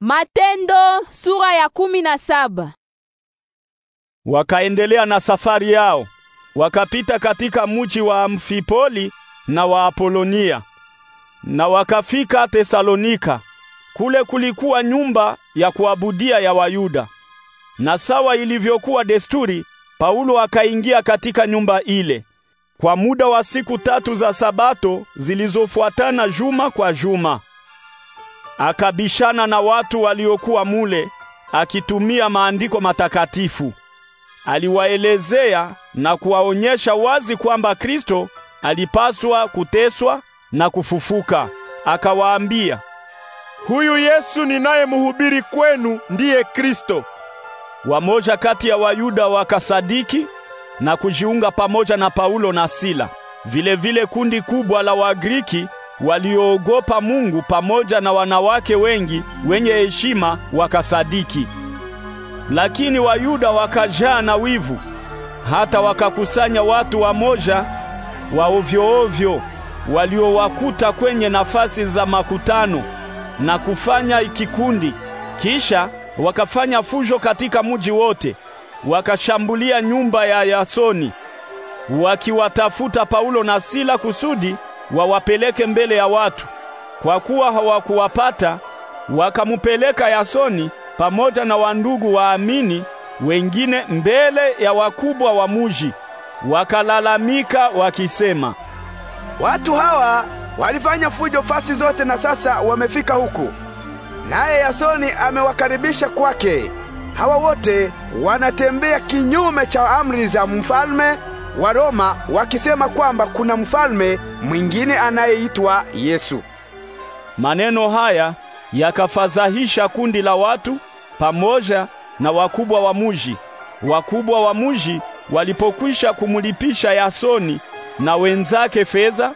Matendo sura ya kumi na saba. Wakaendelea na safari yao wakapita katika mji wa Amfipoli na wa Apolonia na wakafika Tesalonika. Kule kulikuwa nyumba ya kuabudia ya Wayuda, na sawa ilivyokuwa desturi, Paulo akaingia katika nyumba ile kwa muda wa siku tatu za Sabato zilizofuatana juma kwa juma. Akabishana na watu waliokuwa mule akitumia maandiko matakatifu. Aliwaelezea na kuwaonyesha wazi kwamba Kristo alipaswa kuteswa na kufufuka. Akawaambia, "Huyu Yesu ninayemhubiri kwenu ndiye Kristo." Wamoja kati ya Wayuda wakasadiki na kujiunga pamoja na Paulo na Sila. Vilevile vile kundi kubwa la Wagriki Walioogopa Mungu pamoja na wanawake wengi wenye heshima wakasadiki. Lakini Wayuda wakajaa na wivu, hata wakakusanya watu wamoja wa ovyo-ovyo waliowakuta kwenye nafasi za makutano na kufanya kikundi. Kisha wakafanya fujo katika muji wote, wakashambulia nyumba ya Yasoni wakiwatafuta Paulo na Sila kusudi wawapeleke mbele ya watu. Kwa kuwa hawakuwapata, wakamupeleka Yasoni pamoja na wandugu waamini wengine mbele ya wakubwa wa muji, wakalalamika wakisema, watu hawa walifanya fujo fasi zote na sasa wamefika huku, naye Yasoni amewakaribisha kwake. Hawa wote wanatembea kinyume cha amri za mfalme wa Roma wakisema kwamba kuna mfalme mwingine anayeitwa Yesu. Maneno haya yakafadhahisha kundi la watu pamoja na wakubwa wa muji. Wakubwa wa muji walipokwisha kumulipisha Yasoni na wenzake fedha,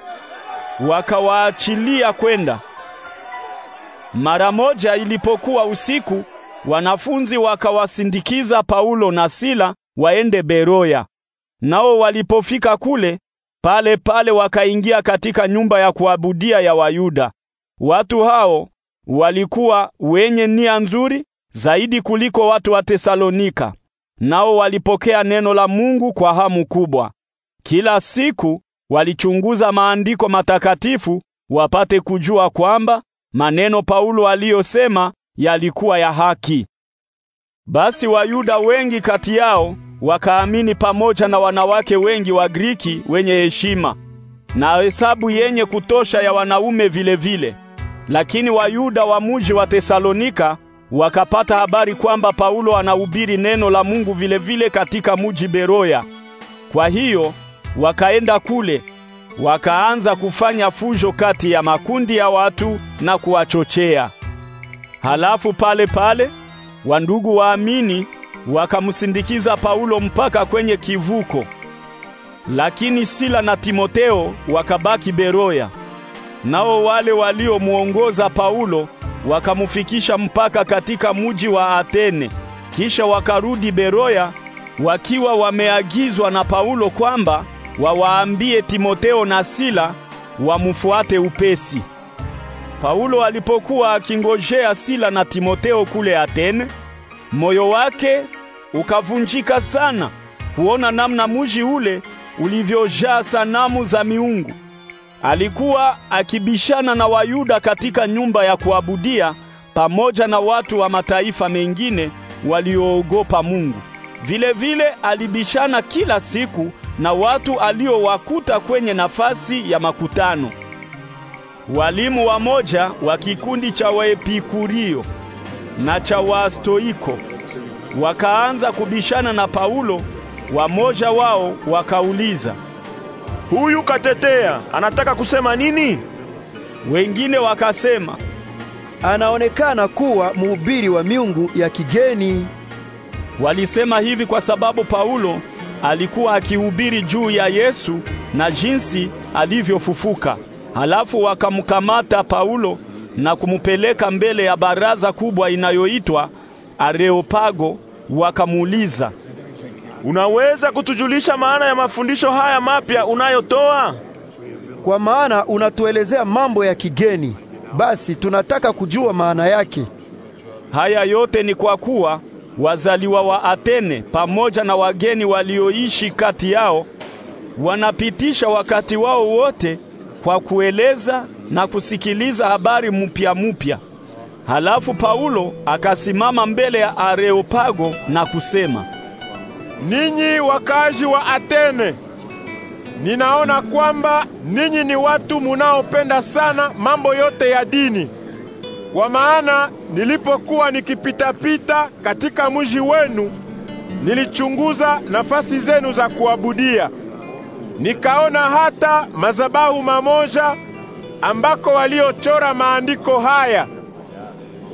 wakawaachilia kwenda. Mara moja ilipokuwa usiku, wanafunzi wakawasindikiza Paulo na Sila waende Beroya. Nao walipofika kule, pale pale wakaingia katika nyumba ya kuabudia ya Wayuda. Watu hao walikuwa wenye nia nzuri zaidi kuliko watu wa Tesalonika. Nao walipokea neno la Mungu kwa hamu kubwa. Kila siku walichunguza maandiko matakatifu wapate kujua kwamba maneno Paulo aliyosema yalikuwa ya haki. Basi Wayuda wengi kati yao wakaamini pamoja na wanawake wengi wa griki wenye heshima na hesabu yenye kutosha ya wanaume vilevile vile. Lakini Wayuda wa muji wa Tesalonika wakapata habari kwamba Paulo anahubiri neno la Mungu vilevile vile katika muji Beroya. Kwa hiyo wakaenda kule wakaanza kufanya fujo kati ya makundi ya watu na kuwachochea. Halafu pale pale wandugu waamini wakamsindikiza Paulo mpaka kwenye kivuko, lakini Sila na Timoteo wakabaki Beroya. Nao wale waliomwongoza Paulo wakamufikisha mpaka katika muji wa Atene, kisha wakarudi Beroya wakiwa wameagizwa na Paulo kwamba wawaambie Timoteo na Sila wamufuate upesi. Paulo alipokuwa akingojea Sila na Timoteo kule Atene, moyo wake ukavunjika sana kuona namna muji ule ulivyojaa sanamu za miungu. Alikuwa akibishana na Wayuda katika nyumba ya kuabudia pamoja na watu wa mataifa mengine walioogopa Mungu. Vile vile alibishana kila siku na watu aliowakuta kwenye nafasi ya makutano. Walimu wamoja wa kikundi cha Waepikurio na cha Wastoiko wakaanza kubishana na Paulo. Wamoja wao wakauliza, huyu katetea anataka kusema nini? Wengine wakasema, anaonekana kuwa mhubiri wa miungu ya kigeni. Walisema hivi kwa sababu Paulo alikuwa akihubiri juu ya Yesu na jinsi alivyofufuka. Halafu wakamkamata Paulo na kumupeleka mbele ya baraza kubwa inayoitwa Areopago, wakamuuliza, unaweza kutujulisha maana ya mafundisho haya mapya unayotoa? Kwa maana unatuelezea mambo ya kigeni, basi tunataka kujua maana yake. Haya yote ni kwa kuwa wazaliwa wa Atene pamoja na wageni walioishi kati yao wanapitisha wakati wao wote kwa kueleza na kusikiliza habari mpya mpya. Halafu Paulo akasimama mbele ya Areopago na kusema, ninyi wakazi wa Atene, ninaona kwamba ninyi ni watu munaopenda sana mambo yote ya dini. Kwa maana nilipokuwa nikipita-pita katika mji wenu, nilichunguza nafasi zenu za kuabudia Nikaona hata mazabahu mamoja ambako waliochora maandiko haya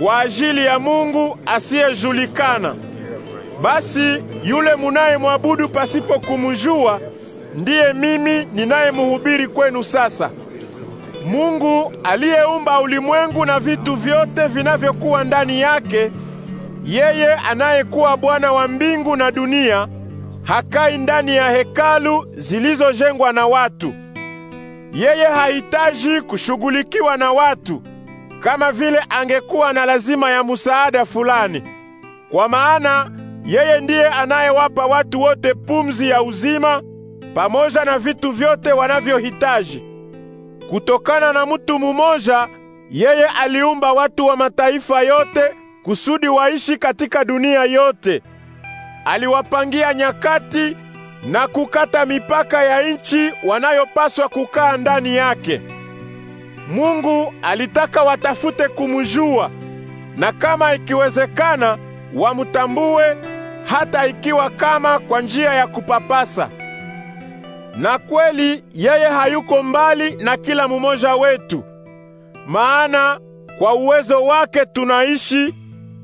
kwa ajili ya Mungu asiyejulikana. Basi yule munayemwabudu pasipo kumjua ndiye mimi ninayemhubiri kwenu sasa. Mungu aliyeumba ulimwengu na vitu vyote vinavyokuwa ndani yake, yeye anayekuwa Bwana wa mbingu na dunia hakai ndani ya hekalu zilizojengwa na watu. Yeye hahitaji kushughulikiwa na watu kama vile angekuwa na lazima ya musaada fulani, kwa maana yeye ndiye anayewapa watu wote pumzi ya uzima pamoja na vitu vyote wanavyohitaji. Kutokana na mtu mumoja yeye aliumba watu wa mataifa yote kusudi waishi katika dunia yote aliwapangia nyakati na kukata mipaka ya nchi wanayopaswa kukaa ndani yake. Mungu alitaka watafute kumjua na kama ikiwezekana wamtambue hata ikiwa kama kwa njia ya kupapasa. Na kweli yeye hayuko mbali na kila mmoja wetu. Maana kwa uwezo wake tunaishi,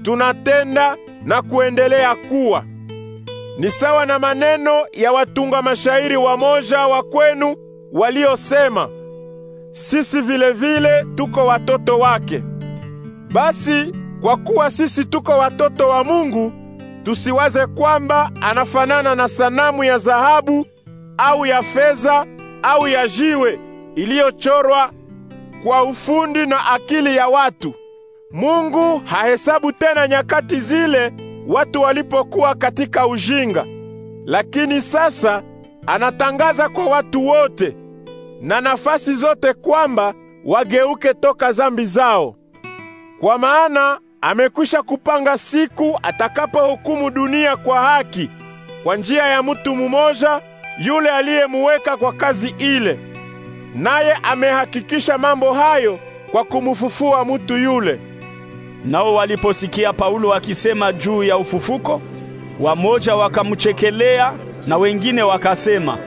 tunatenda na kuendelea kuwa ni sawa na maneno ya watunga mashairi wamoja wa kwenu waliosema, sisi vilevile vile tuko watoto wake. Basi kwa kuwa sisi tuko watoto wa Mungu, tusiwaze kwamba anafanana na sanamu ya dhahabu au ya fedha au ya jiwe iliyochorwa kwa ufundi na akili ya watu. Mungu hahesabu tena nyakati zile watu walipokuwa katika ujinga, lakini sasa anatangaza kwa watu wote na nafasi zote kwamba wageuke toka zambi zao, kwa maana amekwisha kupanga siku atakapohukumu dunia kwa haki kwa njia ya mtu mmoja yule aliyemuweka kwa kazi ile, naye amehakikisha mambo hayo kwa kumufufua mtu yule. Nao waliposikia Paulo akisema juu ya ufufuko, wamoja wakamchekelea na wengine wakasema,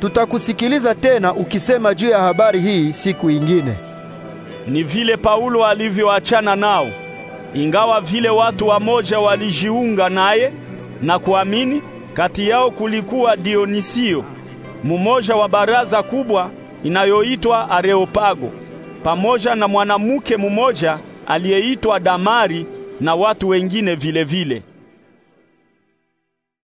tutakusikiliza tena ukisema juu ya habari hii siku ingine. Ni vile Paulo alivyoachana nao, ingawa vile watu wamoja walijiunga naye na kuamini. Kati yao kulikuwa Dionisio mumoja wa baraza kubwa inayoitwa Areopago pamoja na mwanamke mumoja aliyeitwa Damari na watu wengine vilevile vile.